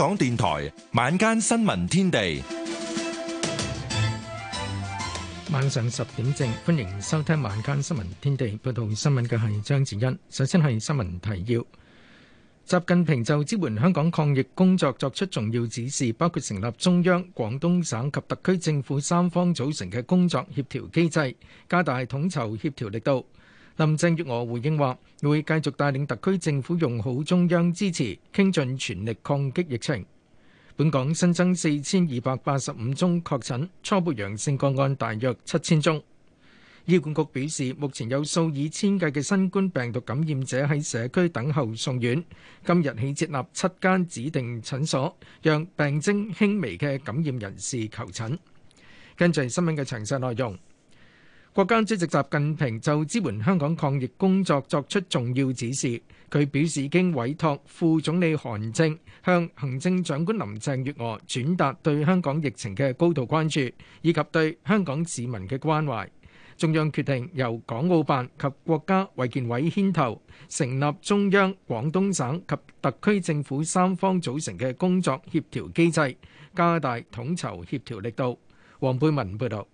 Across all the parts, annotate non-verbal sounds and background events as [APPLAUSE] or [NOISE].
香港電台晚間新聞天地，晚上十點正歡迎收聽晚間新聞天地。報道新聞嘅係張子欣。首先係新聞提要：習近平就支援香港抗疫工作作出重要指示，包括成立中央、廣東省及特區政府三方組成嘅工作協調機制，加大統籌協調力度。林鄭月娥回應話：會繼續帶領特區政府用好中央支持，傾盡全力抗擊疫情。本港新增四千二百八十五宗確診，初步陽性個案大約七千宗。醫管局表示，目前有數以千計嘅新冠病毒感染者喺社區等候送院。今日起設立七間指定診所，讓病徵輕微嘅感染人士求診。跟住係新聞嘅詳細內容。國家主席習近平就支援香港抗疫工作作出重要指示，佢表示已經委託副總理韓正向行政長官林鄭月娥轉達對香港疫情嘅高度關注，以及對香港市民嘅關懷。中央決定由港澳辦及國家衛健委牽頭，成立中央、廣東省及特區政府三方組成嘅工作協調機制，加大統籌協調力度。黃貝文報道。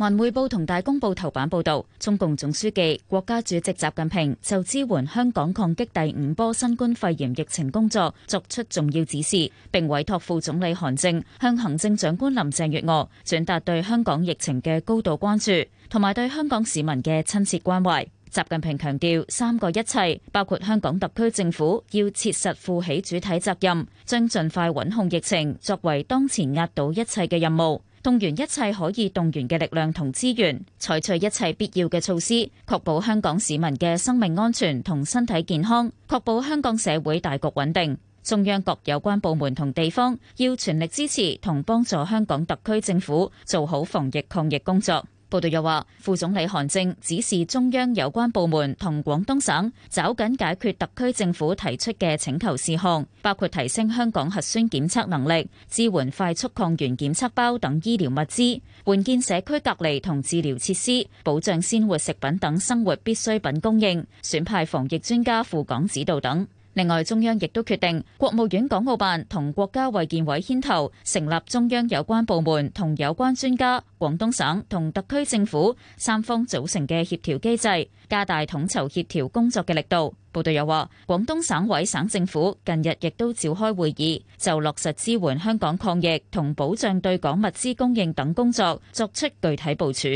《文匯報》同《大公報》頭版報道，中共總書記、國家主席習近平就支援香港抗擊第五波新冠肺炎疫情工作作出重要指示，並委託副總理韓正向行政長官林鄭月娥轉達對香港疫情嘅高度關注，同埋對香港市民嘅親切關懷。習近平強調，三個一切，包括香港特區政府，要切實負起主體責任，將盡快穩控疫情作為當前壓倒一切嘅任務，動員一切可以動員嘅力量同資源，採取一切必要嘅措施，確保香港市民嘅生命安全同身體健康，確保香港社會大局穩定。中央各有關部門同地方要全力支持同幫助香港特區政府做好防疫抗疫工作。報道又話，副總理韓正指示中央有關部門同廣東省，抓緊解決特區政府提出嘅請求事項，包括提升香港核酸檢測能力、支援快速抗原檢測包等醫療物資、援建社區隔離同治療設施、保障鮮活食品等生活必需品供應、選派防疫專家赴港指導等。另外，中央亦都決定，國務院港澳辦同國家衛健委牽頭成立中央有關部門同有關專家、廣東省同特區政府三方組成嘅協調機制，加大統籌協調工作嘅力度。報道又話，廣東省委省政府近日亦都召開會議，就落實支援香港抗疫同保障對港物資供應等工作作出具體部署。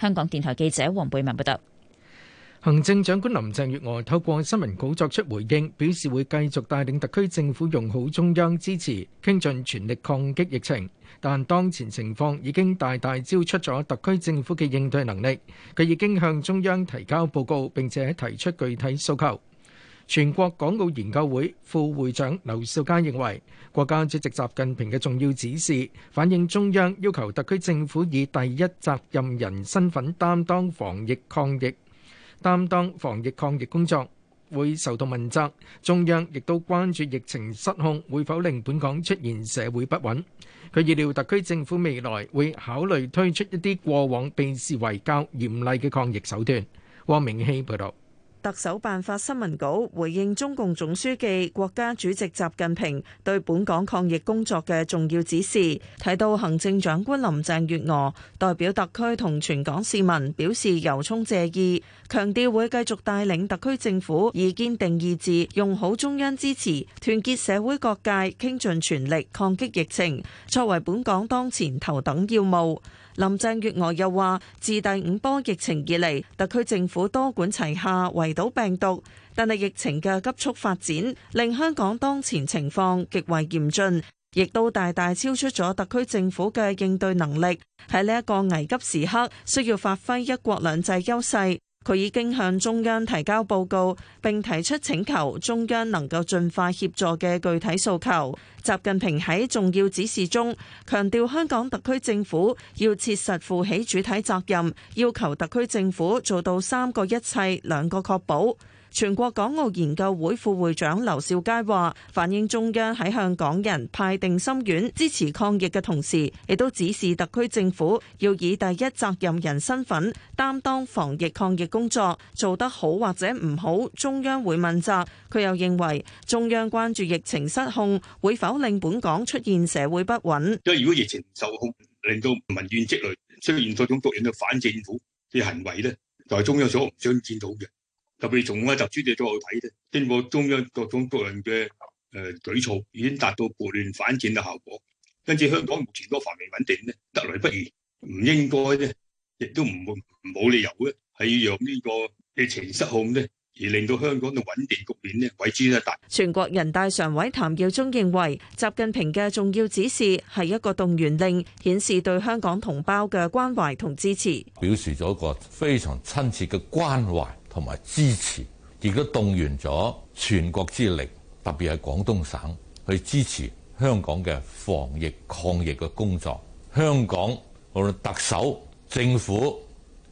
香港電台記者黃貝文報道。行政長官林鄭月娥透過新聞稿作出回應，表示會繼續帶領特區政府用好中央支持，傾盡全力抗擊疫情。但當前情況已經大大超出咗特區政府嘅應對能力，佢已經向中央提交報告並且提出具體訴求。全國港澳研究會副會長劉少佳認為，國家主席習近平嘅重要指示反映中央要求特區政府以第一責任人身份擔當防疫抗疫。擔當防疫抗疫工作會受到問責，中央亦都關注疫情失控會否令本港出現社會不穩。佢預料特區政府未來會考慮推出一啲過往被視為較嚴厲嘅抗疫手段。汪明希報導。特首辦發新聞稿回應中共總書記、國家主席習近平對本港抗疫工作嘅重要指示，提到行政長官林鄭月娥代表特區同全港市民表示由衷謝意，強調會繼續帶領特區政府以堅定意志、用好中央支持、團結社會各界，傾盡全力抗擊疫情，作為本港當前頭等要務。林鄭月娥又話：自第五波疫情以嚟，特區政府多管齊下圍堵病毒，但係疫情嘅急速發展令香港當前情況極為嚴峻，亦都大大超出咗特區政府嘅應對能力。喺呢一個危急時刻，需要發揮一國兩制優勢。佢已經向中央提交報告，並提出請求中央能夠盡快協助嘅具體訴求。習近平喺重要指示中強調，強調香港特區政府要切實負起主體責任，要求特區政府做到三個一切、兩個確保。全國港澳研究會副會長劉兆佳話：反映中央喺向港人派定心丸、支持抗疫嘅同時，亦都指示特區政府要以第一責任人身份擔當防疫抗疫工作，做得好或者唔好，中央會問責。佢又認為中央關注疫情失控會否令本港出現社會不穩。即係如果疫情受控，令到民怨積累，出現各種各樣的反政府嘅行為咧，在、就是、中央所唔想見到嘅。特別從習主席嘅角度睇咧，經過中央各種各樣嘅誒舉措，已經達到撥亂反戰嘅效果。跟住香港目前個繁榮穩定咧，得來不易，唔應該咧，亦都唔冇冇理由咧，係讓呢個疫情失控咧，而令到香港嘅穩定局面咧，毀之一大。全國人大常委譚耀宗認為，習近平嘅重要指示係一個動員令，顯示對香港同胞嘅關懷同支持，表示咗一個非常親切嘅關懷。同埋支持，亦都動員咗全國之力，特別係廣東省去支持香港嘅防疫抗疫嘅工作。香港無論特首、政府、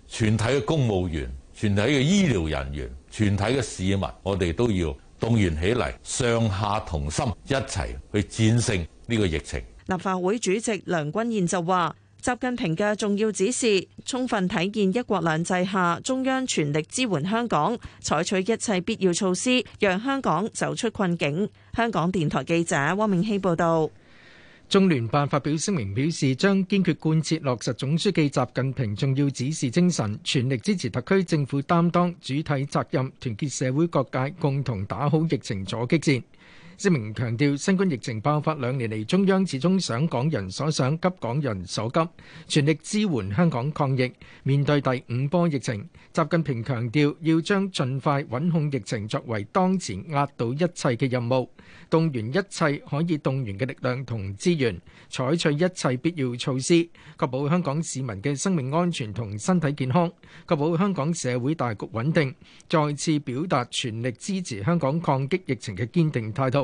全體嘅公務員、全體嘅醫療人員、全體嘅市民，我哋都要動員起嚟，上下同心，一齊去戰勝呢個疫情。立法會主席梁君彥就話。習近平嘅重要指示，充分體現一國兩制下中央全力支援香港，採取一切必要措施，讓香港走出困境。香港電台記者汪明希報道。中聯辦發表聲明表示，將堅決貫徹落實總書記習近平重要指示精神，全力支持特區政府擔當主體責任，團結社會各界，共同打好疫情阻擊戰。聲明強調，新冠疫情爆發兩年嚟，中央始終想港人所想，急港人所急，全力支援香港抗疫。面對第五波疫情，習近平強調要將盡快穩控疫情作為當前壓倒一切嘅任務，動員一切可以動員嘅力量同資源，採取一切必要措施，確保香港市民嘅生命安全同身體健康，確保香港社會大局穩定。再次表達全力支持香港抗擊疫情嘅堅定態度。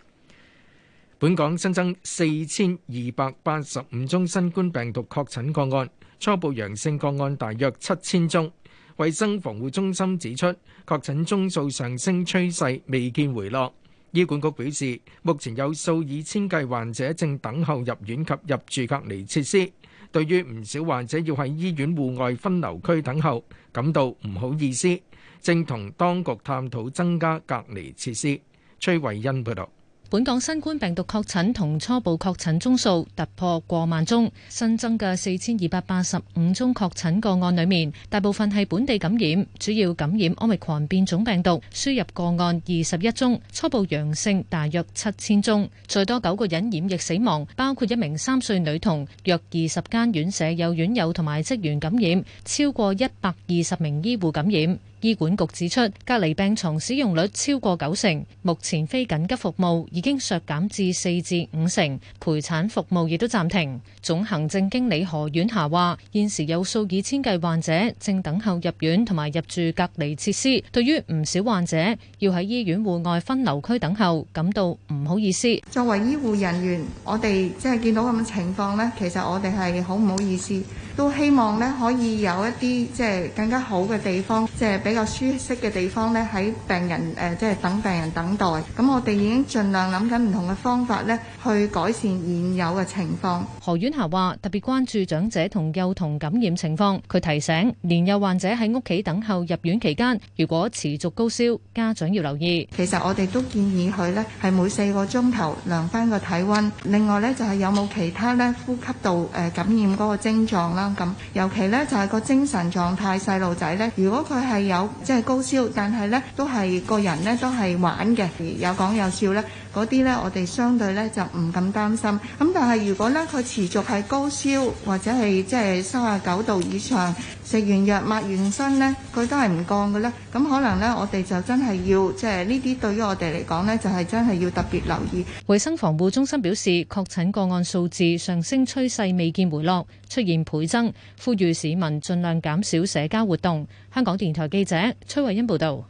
本港新增四千二百八十五宗新冠病毒確診個案，初步陽性個案大約七千宗。衛生防護中心指出，確診宗數上升趨勢未見回落。醫管局表示，目前有數以千計患者正等候入院及入住隔離設施。對於唔少患者要喺醫院戶外分流區等候，感到唔好意思，正同當局探討增加隔離設施。崔慧欣報道。本港新冠病毒確診同初步確診宗數突破過萬宗，新增嘅四千二百八十五宗確診個案裏面，大部分係本地感染，主要感染奧密克戎變種病毒。輸入個案二十一宗，初步陽性大約七千宗。最多九個人染疫死亡，包括一名三歲女童。約二十間院舍有院友同埋職員感染，超過一百二十名醫護感染。醫管局指出，隔離病床使用率超過九成，目前非緊急服務已經削減至四至五成，陪產服務亦都暫停。總行政經理何婉霞話：現時有數以千計患者正等候入院同埋入住隔離設施，對於唔少患者要喺醫院戶外分流區等候，感到唔好意思。作為醫護人員，我哋即係見到咁嘅情況呢，其實我哋係好唔好意思。都希望咧可以有一啲即係更加好嘅地方，即係比較舒適嘅地方咧，喺病人誒即係等病人等待。咁我哋已經盡量諗緊唔同嘅方法咧，去改善現有嘅情況。何婉霞話特別關注長者同幼童感染情況，佢提醒年幼患者喺屋企等候入院期間，如果持續高燒，家長要留意。其實我哋都建議佢咧係每四個鐘頭量翻個體溫。另外咧就係有冇其他咧呼吸道誒感染嗰個症狀啦。尤其呢，就係個精神狀態，細路仔呢，如果佢係有即係、就是、高燒，但係呢都係個人呢都係玩嘅，有講有笑呢嗰啲呢，我哋相對呢就唔咁擔心。咁但係如果呢佢持續係高燒，或者係即係三十九度以上。食完藥抹完身呢，佢都係唔降嘅咧。咁可能呢，我哋就真係要即係呢啲對於我哋嚟講呢，就係真係要特別留意。衞生防護中心表示，確診個案數字上升趨勢未見回落，出現倍增，呼籲市民盡量減少社交活動。香港電台記者崔慧欣報道，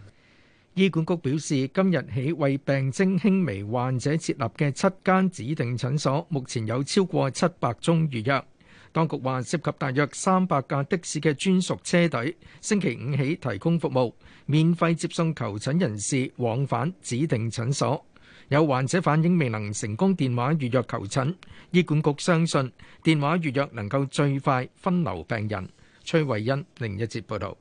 醫管局表示，今日起為病徵輕微患者設立嘅七間指定診所，目前有超過七百宗預約。當局話涉及大約三百架的士嘅專屬車隊，星期五起提供服務，免費接送求診人士往返指定診所。有患者反映未能成功電話預約求診，醫管局相信電話預約能夠最快分流病人。崔慧欣、另一節報導。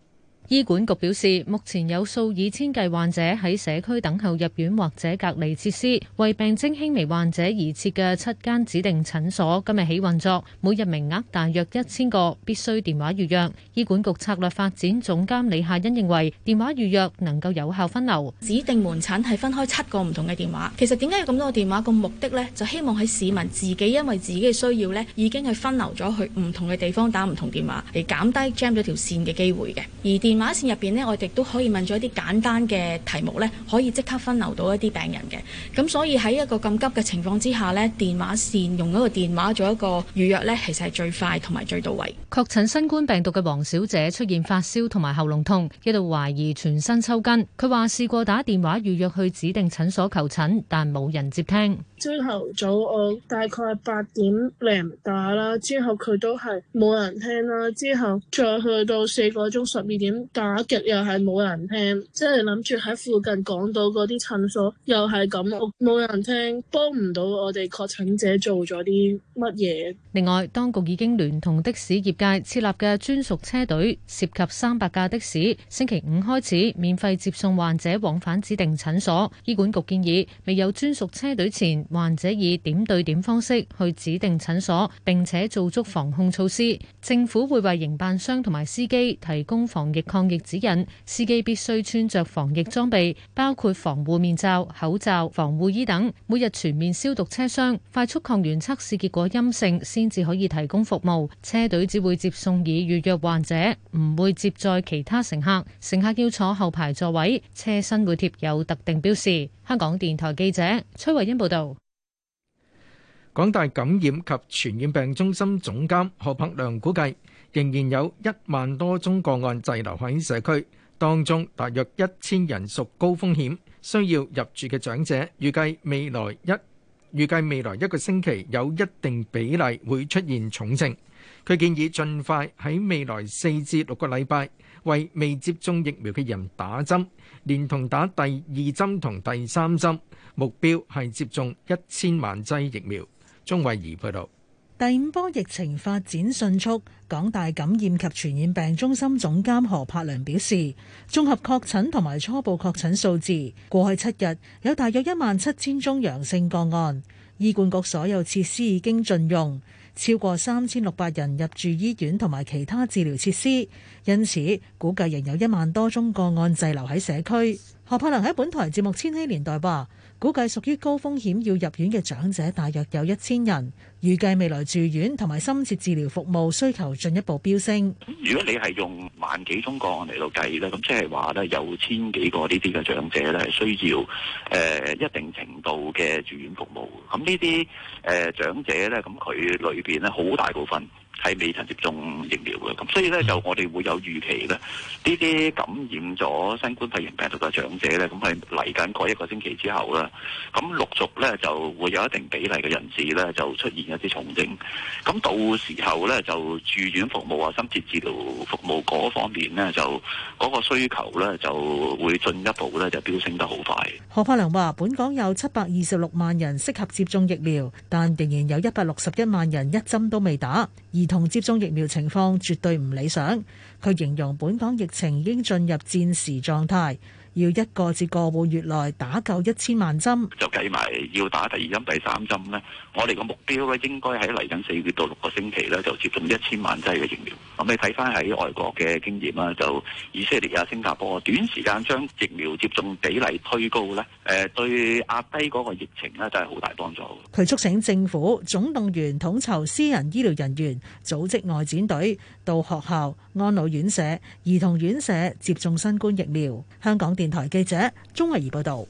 醫管局表示，目前有數以千計患者喺社區等候入院或者隔離設施。為病徵輕微患者而設嘅七間指定診所，今日起運作，每日名額大約一千個，必須電話預約。醫管局策略發展總監李夏欣認為，電話預約能夠有效分流。指定門診係分開七個唔同嘅電話，其實點解有咁多個電話？個目的呢就希望喺市民自己因為自己嘅需要咧，已經係分流咗去唔同嘅地方打唔同電話，嚟減低 jam 咗條線嘅機會嘅。而電電話線入邊咧，我哋都可以問咗一啲簡單嘅題目咧，可以即刻分流到一啲病人嘅。咁所以喺一個咁急嘅情況之下咧，電話線用一個電話做一個預約咧，其實係最快同埋最到位。確診新冠病毒嘅黃小姐出現發燒同埋喉嚨痛，一度懷疑全身抽筋。佢話試過打電話預約去指定診所求診，但冇人接聽。朝頭早我大概八點零打啦，之後佢都係冇人聽啦。之後再去到四個鐘十二點打極又係冇人聽，即係諗住喺附近講到嗰啲診所又係咁，冇人聽，幫唔到我哋確診者做咗啲乜嘢。另外，當局已經聯同的士業界設立嘅專屬車隊，涉及三百架的士，星期五開始免費接送患者往返指定診所。醫管局建議未有專屬車隊前，患者以點對點方式去指定診所，並且做足防控措施。政府會為營辦商同埋司機提供防疫抗疫指引。司機必須穿着防疫裝備，包括防護面罩、口罩、防護衣等，每日全面消毒車廂，快速抗原測試結果陰性先至可以提供服務，車隊只會接送已預約患者，唔會接載其他乘客。乘客要坐後排座位，車身會貼有特定標示。香港電台記者崔慧欣報道，港大感染及傳染病中心總監何柏良估計，仍然有一萬多宗個案滯留喺社區，當中大約一千人屬高風險，需要入住嘅長者，預計未來一預計未來一個星期有一定比例會出現重症。佢建議盡快喺未來四至六個禮拜為未接種疫苗嘅人打針，連同打第二針同第三針，目標係接種一千萬劑疫苗。鍾慧儀報導，第五波疫情發展迅速，港大感染及傳染病中心總監何柏良表示，綜合確診同埋初步確診數字，過去七日有大約一萬七千宗陽性個案，醫管局所有設施已經盡用。超過三千六百人入住醫院同埋其他治療設施，因此估計仍有一萬多宗個案滯留喺社區。何柏良喺本台節目《千禧年代》話：估計屬於高風險要入院嘅長者大約有一千人，預計未來住院同埋深切治療服務需求進一步飆升。如果你係用萬幾宗個案嚟到計咧，咁即係話咧有千幾個呢啲嘅長者咧係需要誒、呃、一定程度嘅住院服務。咁呢啲誒長者咧，咁佢裏邊咧好大部分。睇未曾接種疫苗嘅，咁所以咧就我哋會有預期咧，呢啲感染咗新冠肺炎病毒嘅長者咧，咁係嚟緊嗰一個星期之後咧，咁陸續咧就會有一定比例嘅人士咧就出現一啲重症，咁到時候咧就住院服務啊、深切治療服務嗰方面咧就嗰個需求咧就會進一步咧就飆升得好快。何柏良話，本港有七百二十六萬人適合接種疫苗，但仍然有一百六十一萬人一針都未打，而同接種疫苗情況絕對唔理想，佢形容本港疫情已經進入戰時狀態。要一個至個半月內打夠一千萬針，就計埋要打第二針、第三針咧。我哋個目標咧，應該喺嚟緊四月到六個星期咧，就接種一千萬劑嘅疫苗。咁、嗯、你睇翻喺外國嘅經驗啦，就以色列啊、新加坡，短時間將疫苗接種比例推高咧，誒、呃，對壓低嗰個疫情咧，就係好大幫助。佢促請政府總動員統籌私人醫療人員，組織外展隊到學校、安老院舍、兒童院舍接種新冠疫苗。香港。電台記者鍾慧儀報道，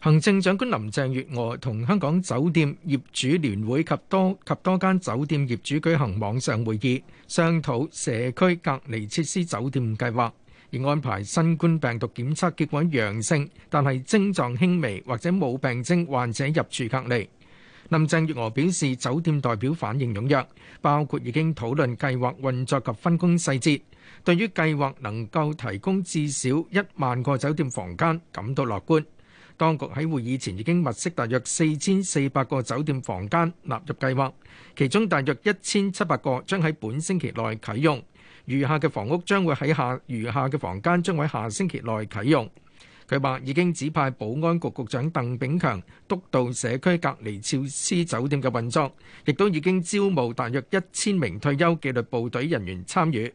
行政長官林鄭月娥同香港酒店業主聯會及多及多間酒店業主舉行網上會議，商討社區隔離設施酒店計劃，而安排新冠病毒檢測結果陽性但係症狀輕微或者冇病徵患者入住隔離。林鄭月娥表示，酒店代表反應踴躍，包括已經討論計劃運作及分工細節。對於計劃能夠提供至少一萬個酒店房間感到樂觀。當局喺會議前已經物色大約四千四百個酒店房間納入計劃，其中大約一千七百個將喺本星期內啟用，餘下嘅房屋將會喺下餘下嘅房間將喺下星期內啟用。佢話已經指派保安局局長鄧炳強督導社區隔離設施酒店嘅運作，亦都已經招募大約一千名退休紀律部隊人員參與。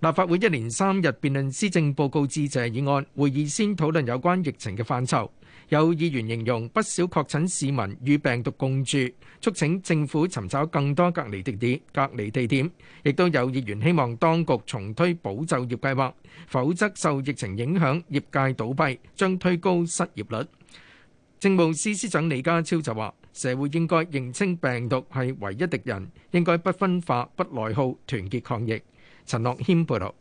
立法會一連三日辯論施政報告致謝議案，會議先討論有關疫情嘅範疇。有議員形容不少確診市民與病毒共住，促請政府尋找更多隔離地點、隔離地點。亦都有議員希望當局重推保就業計劃，否則受疫情影響，業界倒閉將推高失業率。政務司司長李家超就話：社會應該認清病毒係唯一敵人，應該不分化、不內耗，團結抗疫。陳樂謙報道，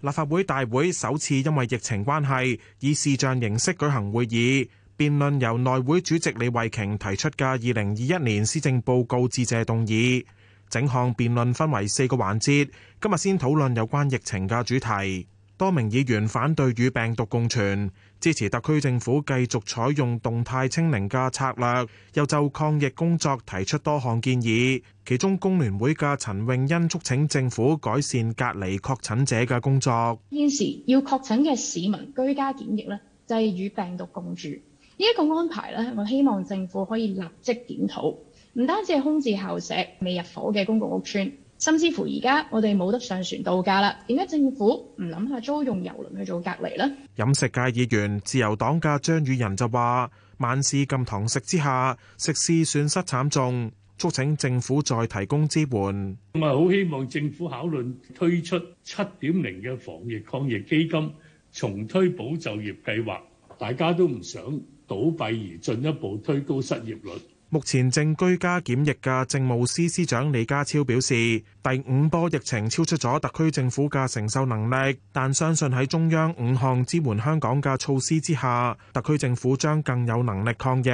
立法會大會首次因為疫情關係，以視像形式舉行會議，辯論由內會主席李慧瓊提出嘅二零二一年施政報告致謝動議。整項辯論分為四個環節，今日先討論有關疫情嘅主題，多名議員反對與病毒共存。支持特區政府繼續採用動態清零嘅策略，又就抗疫工作提出多項建議。其中，工聯會嘅陳泳欣促請政府改善隔離確診者嘅工作。現時要確診嘅市民居家檢疫呢，就係與病毒共住呢一個安排呢，我希望政府可以立即檢討，唔單止係空置校舍未入伙嘅公共屋邨。甚至乎而家我哋冇得上船度假啦，點解政府唔諗下租用郵輪去做隔離咧？飲食界議員自由黨嘅張宇人就話，晚市禁堂食之下，食肆損失慘重，促請政府再提供支援。我好希望政府考慮推出七點零嘅防疫抗疫基金，重推保就業計劃，大家都唔想倒閉而進一步推高失業率。目前正居家檢疫嘅政務司司長李家超表示，第五波疫情超出咗特區政府嘅承受能力，但相信喺中央五項支援香港嘅措施之下，特區政府將更有能力抗疫。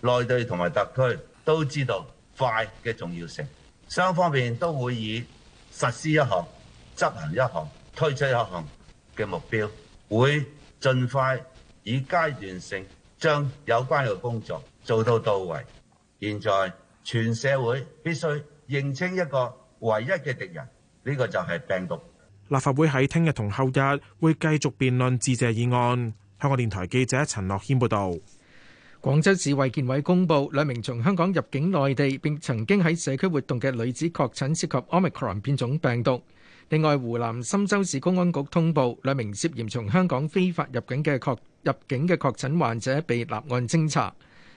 內地同埋特區都知道快嘅重要性，雙方面都會以實施一項、執行一項、推出一項嘅目標，會盡快以階段性將有關嘅工作做到到位。現在全社會必須認清一個唯一嘅敵人，呢個就係病毒。立法會喺聽日同後日會繼續辯論致謝議案。香港電台記者陳樂軒報導。廣州市衛健委公佈兩名從香港入境內地並曾經喺社區活動嘅女子確診，涉及 Omicron 變種病毒。另外，湖南郴州市公安局通報兩名涉嫌從香港非法入境嘅確入境嘅確診患者被立案偵查。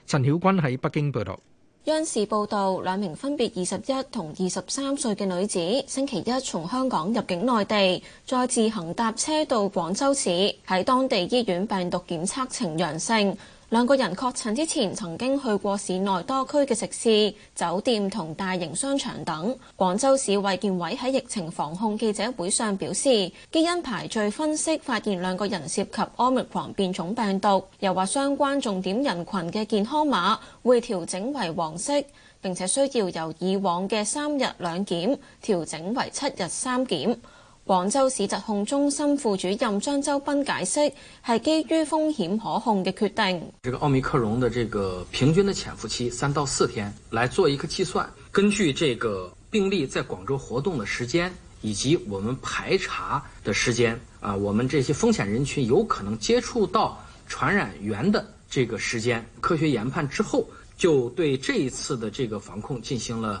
陳曉君喺北京報導。央視報道，兩名分別二十一同二十三歲嘅女子，星期一從香港入境內地，再自行搭車到廣州市，喺當地醫院病毒檢測呈陽性。兩個人確診之前曾經去過市內多區嘅食肆、酒店同大型商場等。廣州市衛健委喺疫情防控記者會上表示，基因排序分析發現兩個人涉及 Omicron 變種病毒，又話相關重點人群嘅健康碼會調整為黃色，並且需要由以往嘅三日兩檢調整為七日三檢。廣州市疾控中心副主任張周斌解釋，係基於風險可控的決定。這個奧密克戎的這個平均的潛伏期三到四天，來做一個計算。根據這個病例在廣州活動的時間，以及我們排查的時間，啊，我們這些風險人群有可能接觸到傳染源的這個時間，科學研判之後，就對這一次的這個防控進行了。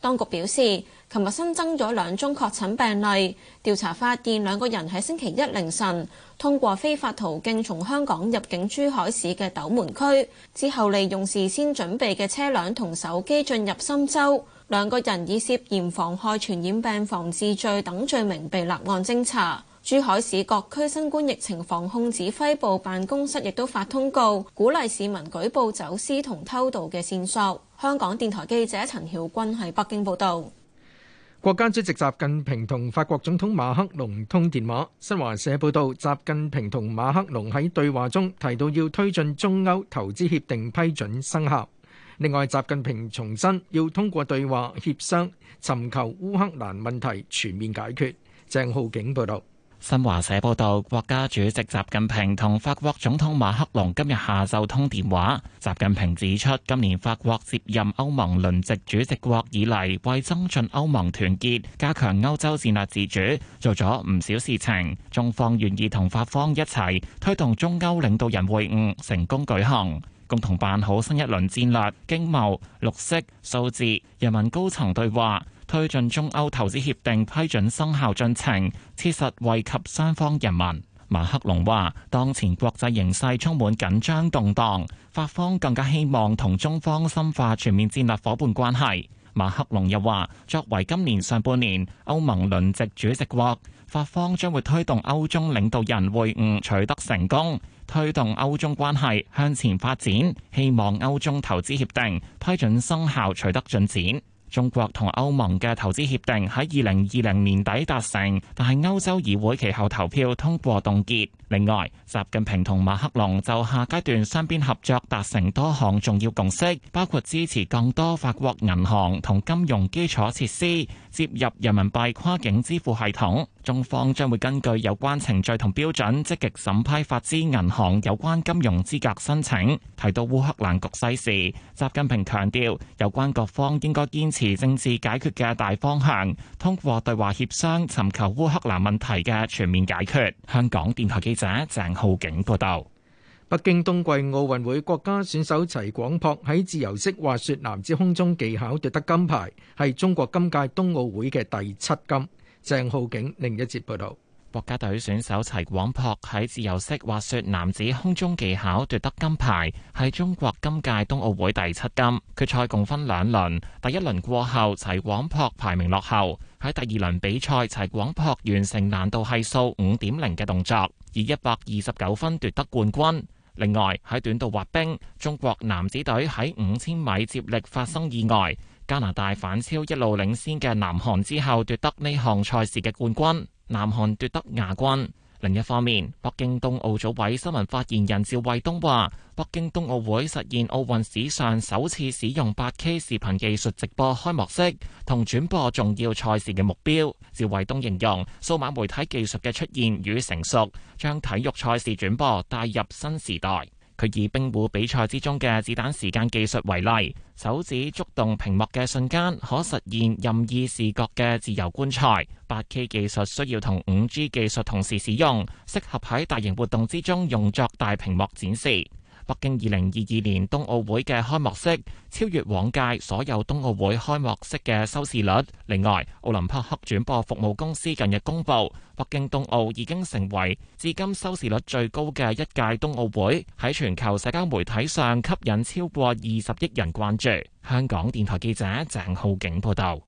當局表示，琴日新增咗兩宗確診病例。調查發現，兩個人喺星期一凌晨通過非法途徑從香港入境珠海市嘅斗門區，之後利用事先準備嘅車輛同手機進入深州。兩個人以涉嫌妨害傳染病防治罪等罪名被立案偵查。珠海市各區新冠疫情防控指揮部辦公室亦都發通告，鼓勵市民舉報走私同偷渡嘅線索。香港電台記者陳曉君喺北京報道。國家主席習近平同法國總統馬克龍通電話。新華社報道，習近平同馬克龍喺對話中提到，要推進中歐投資協定批准生效。另外，習近平重申要通過對話協商尋求烏克蘭問題全面解決。鄭浩景報道。新華社報道，國家主席習近平同法國總統馬克龍今日下晝通電話。習近平指出，今年法國接任歐盟輪值主席國以嚟，為增進歐盟團結、加強歐洲戰略自主，做咗唔少事情。中方願意同法方一齊推動中歐領導人會晤成功舉行，共同辦好新一輪戰略經貿、綠色、數字、人民高層對話。推進中歐投資協定批准生效進程，切實惠及雙方人民。馬克龍話：當前國際形勢充滿緊張動盪，法方更加希望同中方深化全面戰略夥伴關係。馬克龍又話：作為今年上半年歐盟輪值主席國，法方將會推動歐中領導人會晤取得成功，推動歐中關係向前發展，希望歐中投資協定批准生效取得進展。中國同歐盟嘅投資協定喺二零二零年底達成，但係歐洲議會其後投票通過凍結。另外，習近平同馬克龍就下階段雙邊合作達成多項重要共識，包括支持更多法國銀行同金融基礎設施，接入人民幣跨境支付系統。中方將會根據有關程序同標準積極審批法資銀行有關金融資格申請。提到烏克蘭局勢時，習近平強調，有關各方應該堅持政治解決嘅大方向，通過對話協商尋求烏克蘭問題嘅全面解決。香港電台記者鄭浩景報道。北京冬季奧運會國家選手齊廣璞喺自由式滑雪男子空中技巧奪得金牌，係中國今屆冬奧會嘅第七金。鄭浩景另一節報道，國家隊選手齊廣璞喺自由式滑雪男子空中技巧奪得金牌，係中國今屆冬奧會第七金。決賽共分兩輪，第一輪過後齊廣璞排名落後，喺第二輪比賽齊廣璞完成難度係數五點零嘅動作，以一百二十九分奪得冠軍。另外喺短道滑冰，中國男子隊喺五千米接力發生意外。加拿大反超一路領先嘅南韓之後奪得呢項賽事嘅冠軍，南韓奪得亞軍，另一方面，北京冬奧組委新聞發言人趙衛東話，北京冬奧會實現奧運史上首次使用八 K 視頻技術直播開幕式同轉播重要賽事嘅目標，趙衛東形容數碼媒體技術嘅出現與成熟，將體育賽事轉播帶入新時代。佢以冰壺比賽之中嘅子彈時間技術為例，手指觸動屏幕嘅瞬間，可實現任意視角嘅自由觀賽。八 K 技術需要同五 G 技術同時使用，適合喺大型活動之中用作大屏幕展示。北京二零二二年冬奧會嘅開幕式超越往屆所有冬奧會開幕式嘅收視率。另外，奧林匹克轉播服務公司近日公布，北京冬奧已經成為至今收視率最高嘅一屆冬奧會，喺全球社交媒體上吸引超過二十億人關注。香港電台記者鄭浩景報道。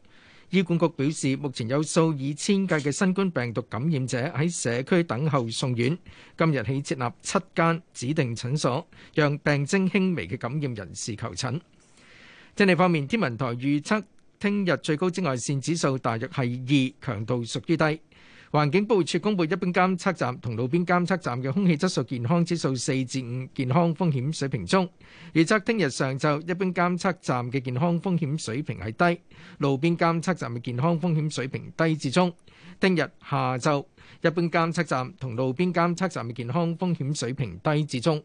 醫管局表示，目前有數以千計嘅新冠病毒感染者喺社區等候送院。今日起設立七間指定診所，讓病徵輕微嘅感染人士求診。天氣方面，天文台預測，聽日最高紫外線指數大約係二，強度屬於低。環境保護署公佈，一般監測站同路邊監測站嘅空氣質素健康指數四至五，健康風險水平中。預測聽日上晝一般監測站嘅健康風險水平係低，路邊監測站嘅健康風險水平低至中。聽日下晝一般監測站同路邊監測站嘅健康風險水平低至中。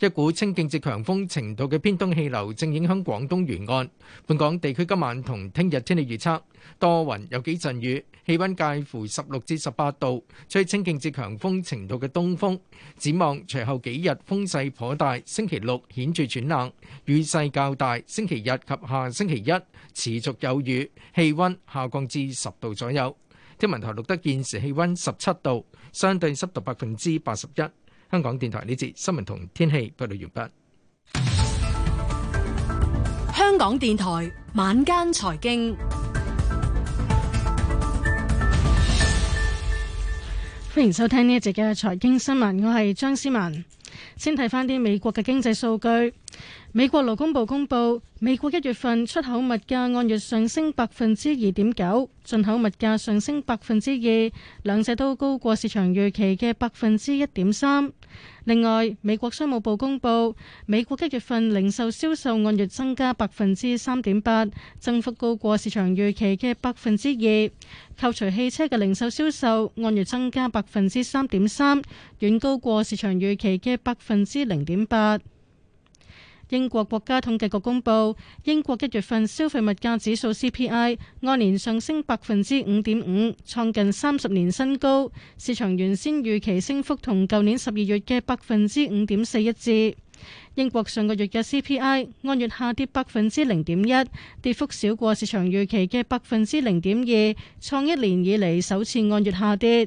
一股清勁至強風程度嘅偏東氣流正影響廣東沿岸，本港地區今晚同聽日天氣預測多雲，有幾陣雨。氣溫介乎十六至十八度，吹清勁至強風程度嘅東風。展望隨後幾日風勢頗大，星期六顯著轉冷，雨勢較大。星期日及下星期一持續有雨，氣溫下降至十度左右。天文台錄得現時氣溫十七度，相對濕度百分之八十一。香港電台呢節新聞同天氣報道完畢。香港電台晚間財經。歡迎收聽呢一節嘅財經新聞，我係張思文。先睇翻啲美國嘅經濟數據。美國勞工部公布，美國一月份出口物價按月上升百分之二點九，進口物價上升百分之二，兩者都高過市場預期嘅百分之一點三。另外，美國商務部公布，美國一月份零售銷售銷售按月增加百分之三點八，增幅高過市場預期嘅百分之二。扣除汽車嘅零售銷售銷售按月增加百分之三點三，遠高過市場預期嘅百分之零點八。英國國家統計局公布，英國一月份消費物價指數 CPI 按年上升百分之五點五，創近三十年新高。市場原先預期升幅同舊年十二月嘅百分之五點四一致。英國上個月嘅 CPI 按月下跌百分之零點一，跌幅少過市場預期嘅百分之零點二，創一年以嚟首次按月下跌。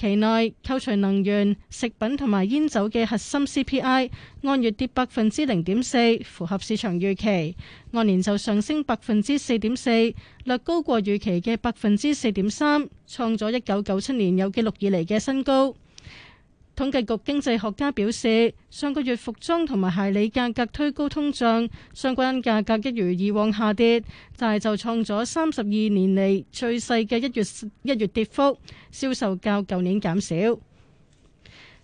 期內扣除能源、食品同埋煙酒嘅核心 CPI 按月跌百分之零點四，符合市場預期。按年就上升百分之四點四，略高過預期嘅百分之四點三，創咗一九九七年有紀錄以嚟嘅新高。統計局經濟學家表示，上個月服裝同埋鞋履價格推高通脹，相關價格一如以往下跌，但係就創咗三十二年嚟最細嘅一月一月跌幅，銷售較舊年減少。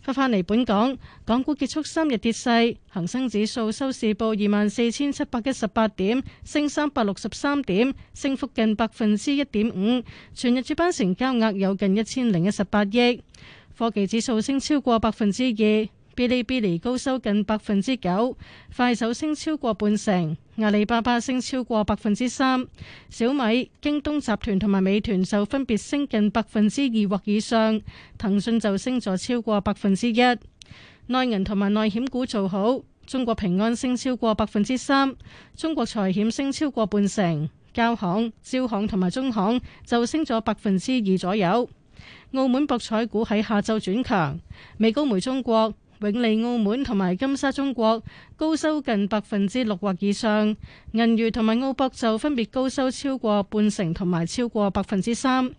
翻返嚟本港，港股結束三日跌勢，恆生指數收市報二萬四千七百一十八點，升三百六十三點，升幅近百分之一點五。全日主板成交額有近一千零一十八億。科技指數升超過百分之二，嗶哩嗶哩高收近百分之九，快手升超過半成，阿里巴巴升超過百分之三，小米、京東集團同埋美團就分別升近百分之二或以上，騰訊就升咗超過百分之一。內銀同埋內險股做好，中國平安升超過百分之三，中國財險升超過半成，交行、招行同埋中行就升咗百分之二左右。澳門博彩股喺下晝轉強，美高梅中國、永利澳門同埋金沙中國高收近百分之六或以上，銀娛同埋澳博就分別高收超過半成同埋超過百分之三。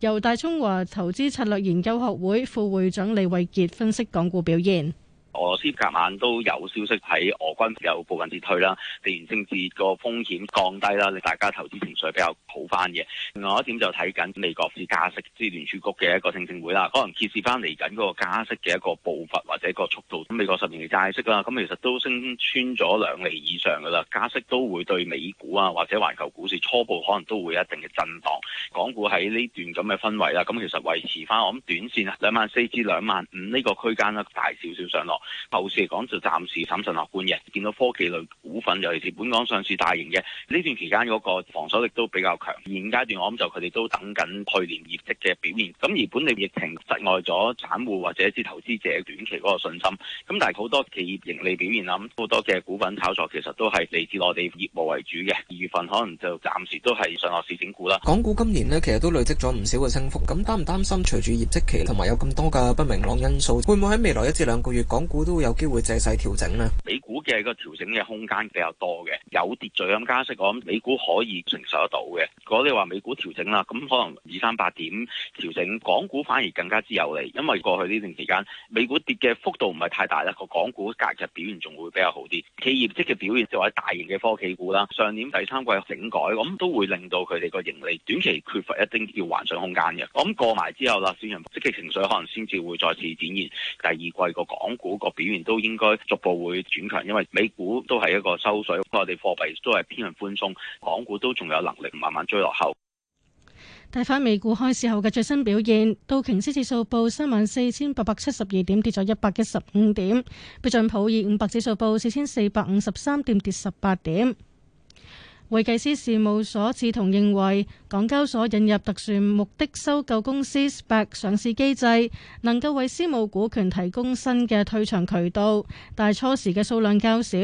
由大中華投資策略研究學會副會長李慧杰分析港股表現。俄羅斯隔晚都有消息喺俄軍有部分撤退啦，地緣政治個風險降低啦，令大家投資情緒比較好翻嘅。另外一點就睇緊美國次加息之聯儲局嘅一個聽證會啦，可能揭示翻嚟緊嗰個加息嘅一個步伐或者個速度。美國十年嘅債息啦，咁其實都升穿咗兩厘以上噶啦，加息都會對美股啊或者環球股市初步可能都會一定嘅震盪。港股喺呢段咁嘅氛圍啦，咁其實維持翻我諗短線兩萬四至兩萬五呢個區間咧，大少少上落。後市嚟講就暫時審慎樂觀嘅，見到科技類股份，尤其是本港上市大型嘅呢段期間嗰個防守力都比較強。現階段我諗就佢哋都等緊去年業績嘅表現。咁而本地疫情窒礙咗散戶或者啲投資者短期嗰個信心。咁但係好多企業盈利表現啦，咁好多嘅股份炒作其實都係嚟自我哋業務為主嘅。二月份可能就暫時都係上落市整固啦。港股今年呢，其實都累積咗唔少嘅升幅，咁擔唔擔心隨住業績期同埋有咁多嘅不明朗因素，會唔會喺未來一至兩個月港股？都有機會借勢調整咧，美股嘅個調整嘅空間比較多嘅，有秩序咁加息，我諗美股可以承受得到嘅。嗰啲，話美股調整啦，咁可能二三八點調整，港股反而更加之有利，因為過去呢段時間美股跌嘅幅度唔係太大啦，個港股價就表現仲會比較好啲。企業績嘅表現，即或者大型嘅科技股啦，上年第三季整改，咁都會令到佢哋個盈利短期缺乏一定要幻上空間嘅。咁過埋之後啦，市場積極情緒可能先至會再次展現第二季個港股。個表現都應該逐步會轉強，因為美股都係一個收水，我哋貨幣都係偏向寬鬆，港股都仲有能力慢慢追落後。睇返美股開市後嘅最新表現，道瓊斯指數報三萬四千八百七十二點，跌咗一百一十五點；標準普爾五百指數報四千四百五十三點，跌十八點。會計師事務所致同認為，港交所引入特殊目的收購公司 SPAC 上市機制，能夠為私募股權提供新嘅退場渠道，但係初時嘅數量較少，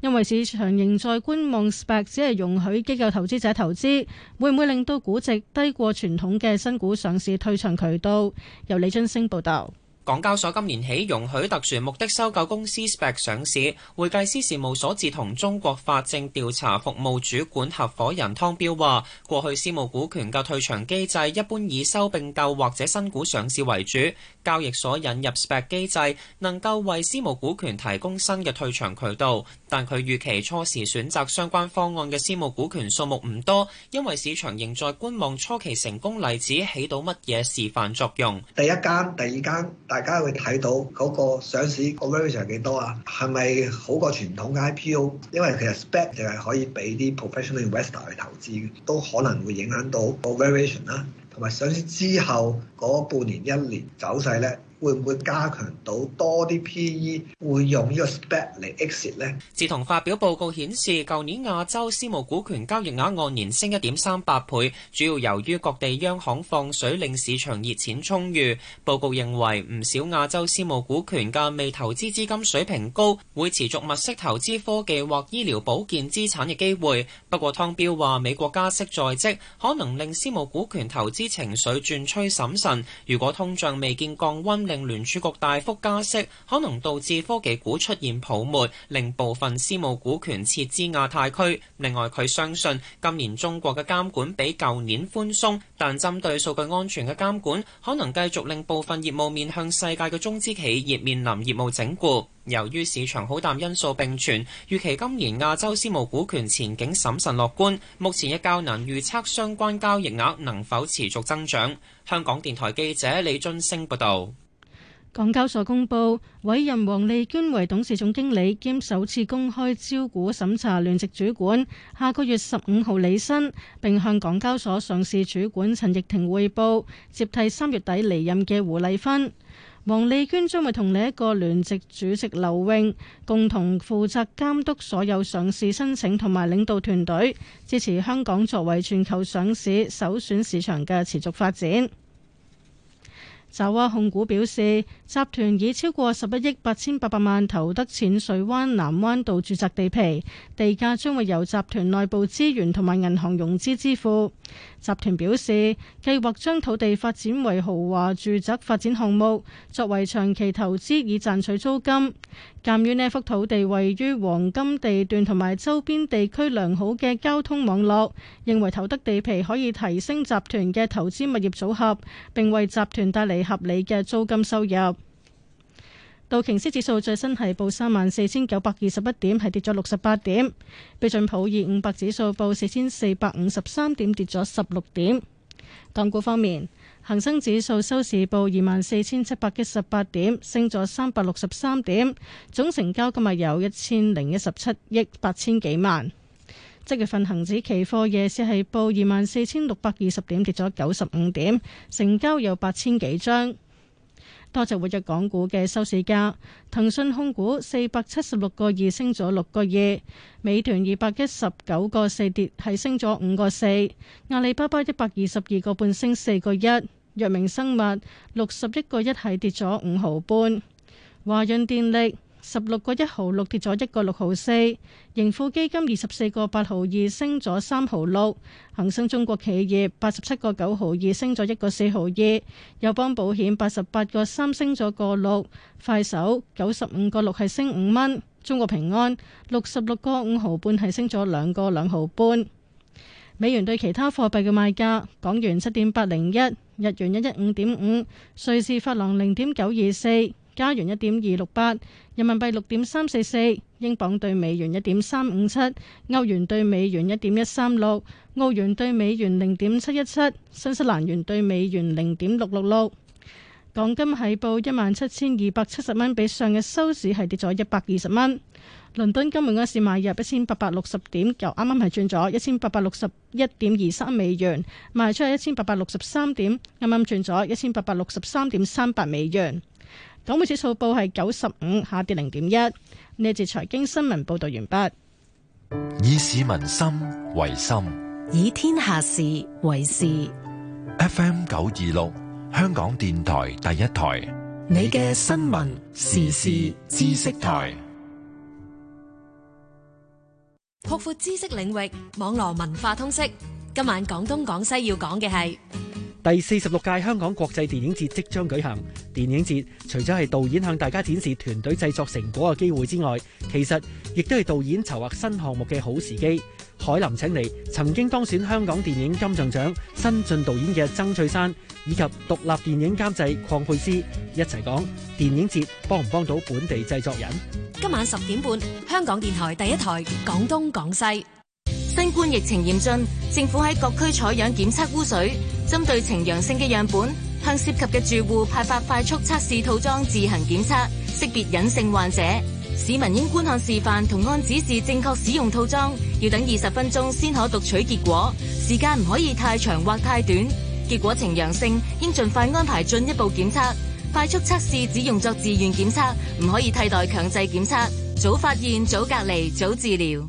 因為市場仍在觀望 SPAC 只係容許機構投資者投資，會唔會令到估值低過傳統嘅新股上市退場渠道。由李津升報道。港交所今年起容許特殊目的收購公司 SPAC 上市，會計師事務所自同中國法證調查服務主管合伙人湯彪話：過去私募股權嘅退場機制一般以收並購或者新股上市為主，交易所引入 SPAC 機制能夠為私募股權提供新嘅退場渠道。但佢預期初時選擇相關方案嘅私募股權數目唔多，因為市場仍在觀望初期成功例子起到乜嘢示範作用。第一間，第二間。大家會睇到嗰個上市個 variation 係幾多啊？係咪好過傳統嘅 IPO？因為其實 spec 就係可以俾啲 professional investor 去投資都可能會影響到個 variation 啦、啊。同埋上市之後嗰半年、一年走勢咧。會唔會加強到多啲 PE 會用個呢個 SPAC 嚟 exit 呢？志同發表報告顯示，舊年亞洲私募股權交易額按年升一點三八倍，主要由於各地央行放水令市場熱錢充裕。報告認為，唔少亞洲私募股權嘅未投資資金水平高，會持續物色投資科技或醫療保健資產嘅機會。不過，湯，湯彪話美國加息在即，可能令私募股權投資情緒轉趨審慎。如果通脹未見降溫，令聯儲局大幅加息，可能導致科技股出現泡沫，令部分私募股權撤資亞太區。另外，佢相信今年中國嘅監管比舊年寬鬆，但針對數據安全嘅監管可能繼續令部分業務面向世界嘅中資企業面臨業務整固。由於市場好淡因素並存，預期今年亞洲私募股權前景審慎樂觀。目前亦較難預測相關交易額能否持續增長。香港電台記者李津升報道。港交所公布委任黃利娟為董事總經理兼首次公開招股審查聯席主管，下個月十五號履新，並向港交所上市主管陳逸婷匯報，接替三月底離任嘅胡麗芬。黃利娟將會同另一個聯席主席劉穎共同負責監督所有上市申請同埋領導團隊，支持香港作為全球上市首選市場嘅持續發展。爪哇控股表示，集團以超過十一億八千八百萬投得淺水灣南灣道住宅地皮，地價將會由集團內部資源同埋銀行融資支付。集團表示，計劃將土地發展為豪華住宅發展項目，作為長期投資以賺取租金。鑒於呢幅土地位於黃金地段同埋周邊地區良好嘅交通網絡，認為投得地皮可以提升集團嘅投資物業組合，並為集團帶嚟合理嘅租金收入。道瓊斯指數最新係報三萬四千九百二十一點，係跌咗六十八點。標準普爾五百指數報四千四百五十三點，跌咗十六點。港股方面，恒生指數收市報二萬四千七百一十八點，升咗三百六十三點，總成交今日有一千零一十七億八千幾萬。即月份恒指期貨夜市係報二萬四千六百二十點，跌咗九十五點，成交有八千幾張。多隻活躍港股嘅收市價，騰訊控股四百七十六個二升咗六個二，美團二百一十九個四跌係升咗五個四，阿里巴巴一百二十二個半升四個一，藥明生物六十一個一係跌咗五毫半，華潤電力，十六個一毫六跌咗一個六毫四，盈富基金二十四個八毫二升咗三毫六，恒生中國企業八十七個九毫二升咗一個四毫二，友邦保險八十八個三升咗個六，快手九十五個六係升五蚊，中國平安六十六個五毫半係升咗兩個兩毫半，美元對其他貨幣嘅賣價：港元七點八零一，日元一一五點五，瑞士法郎零點九二四。加元一點二六八，8，人民幣六點三四四，英鎊兌美元一點三五七，歐元兌美元一點一三六，澳元兌美元零點七一七，新西蘭元兌美元零點六六六。港金喺報一萬七千二百七十蚊，比上日收市係跌咗一百二十蚊。倫敦金每盎司買入一千八百六十點，由啱啱係轉咗一千八百六十一點二三美元，賣出去一千八百六十三點，啱啱轉咗一千八百六十三點三八美元。港匯指數報係九十五，下跌零點一。呢節財經新聞報道完畢。以市民心為心，以天下事為事。FM 九二六，香港電台第一台，你嘅新聞時事知識台，擴闊知識領域，網絡文化通識。今晚講東講西要講嘅係。第四十六屆香港國際電影節即將舉行，電影節除咗係導演向大家展示團隊製作成果嘅機會之外，其實亦都係導演籌劃新項目嘅好時機。海林請嚟曾經當選香港電影金像獎新晉導演嘅曾翠珊，以及獨立電影監製鄺佩斯，一齊講，電影節幫唔幫到本地製作人？今晚十點半，香港電台第一台，廣東廣西。新冠疫情嚴峻，政府喺各區採樣檢測污水，針對呈陽性嘅樣本，向涉及嘅住戶派發快速測試套裝自行檢測，識別隱性患者。市民應觀看示範同按指示正確使用套裝，要等二十分鐘先可讀取結果，時間唔可以太長或太短。結果呈陽性，應盡快安排進一步檢測。快速測試只用作自願檢測，唔可以替代強制檢測。早發現，早隔離，早治療。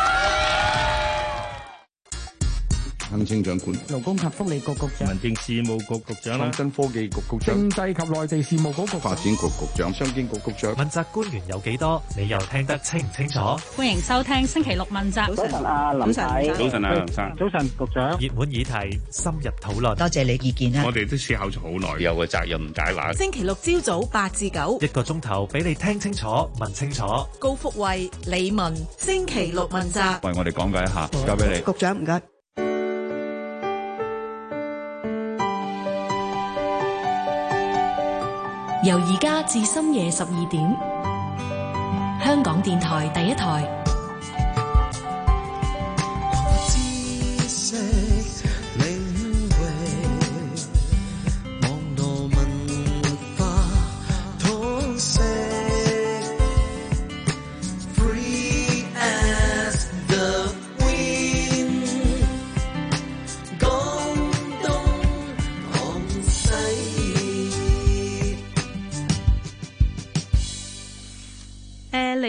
行政長官、勞工及福利局局長、民政事務局局長、創新科技局局長、政制及內地事務局局長、發展局局長、商經局局長問責官員有幾多？你又聽得清唔清楚？歡迎收聽星期六問責。早晨啊林仔，早晨啊林生，早晨局長。熱門議題，深入討論。多謝你意見啊！我哋都思考咗好耐，有嘅責任解難。星期六朝早八至九，一個鐘頭俾你聽清楚、問清楚。高福慧、李文，星期六問責。為我哋講解一下，交俾你。局長唔該。由而家至深夜十二點，香港電台第一台。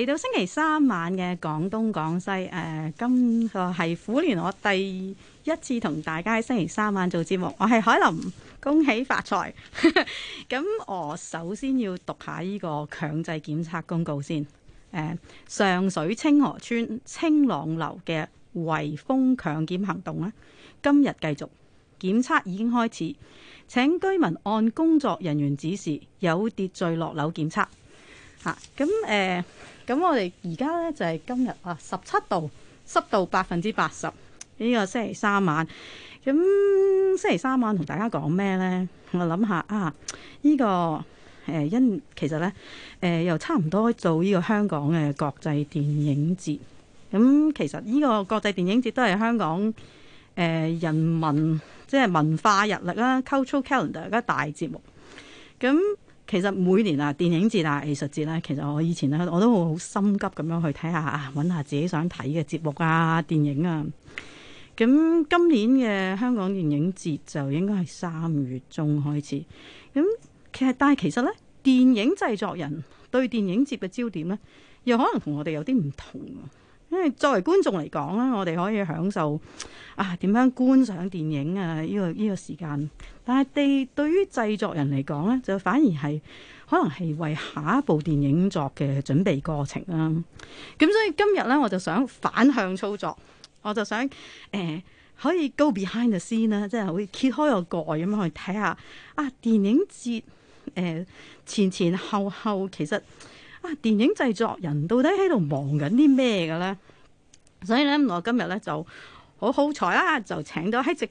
嚟到星期三晚嘅廣東廣西誒、呃，今個係虎年，我第一次同大家喺星期三晚做節目。我係海林，恭喜發財。咁 [LAUGHS] 我首先要讀下呢個強制檢測公告先。誒、呃，上水清河村清朗樓嘅圍封強檢行動咧，今日繼續檢測已經開始，請居民按工作人員指示有秩序落樓檢測。吓咁誒。呃咁我哋而家呢，就係、是、今日啊，十七度，濕度百分之八十。呢個星期三晚，咁星期三晚同大家講咩呢？我諗下啊，呢、這個誒因、呃、其實呢，誒、呃、又差唔多做呢個香港嘅國際電影節。咁其實呢個國際電影節都係香港誒、呃、人民即係文化日曆啦 （cultural calendar） 嘅大節目。咁其實每年啊，電影節啊，藝術節咧，其實我以前咧、啊，我都好心急咁樣去睇下，揾下自己想睇嘅節目啊，電影啊。咁今年嘅香港電影節就應該係三月中開始。咁其實，但係其實咧，電影製作人對電影節嘅焦點咧，又可能同我哋有啲唔同。因為作為觀眾嚟講咧，我哋可以享受啊，點樣觀賞電影啊呢個呢個時間。但係地對於製作人嚟講咧，就反而係可能係為下一部電影作嘅準備過程啦。咁所以今日咧，我就想反向操作，我就想誒、呃、可以 go behind the scene 啦，即係可以揭開個蓋咁樣去睇下啊電影節誒、呃、前前後後其實。啊！電影製作人到底喺度忙緊啲咩嘅咧？所以咧我今日咧就好好彩啦，就請到喺直。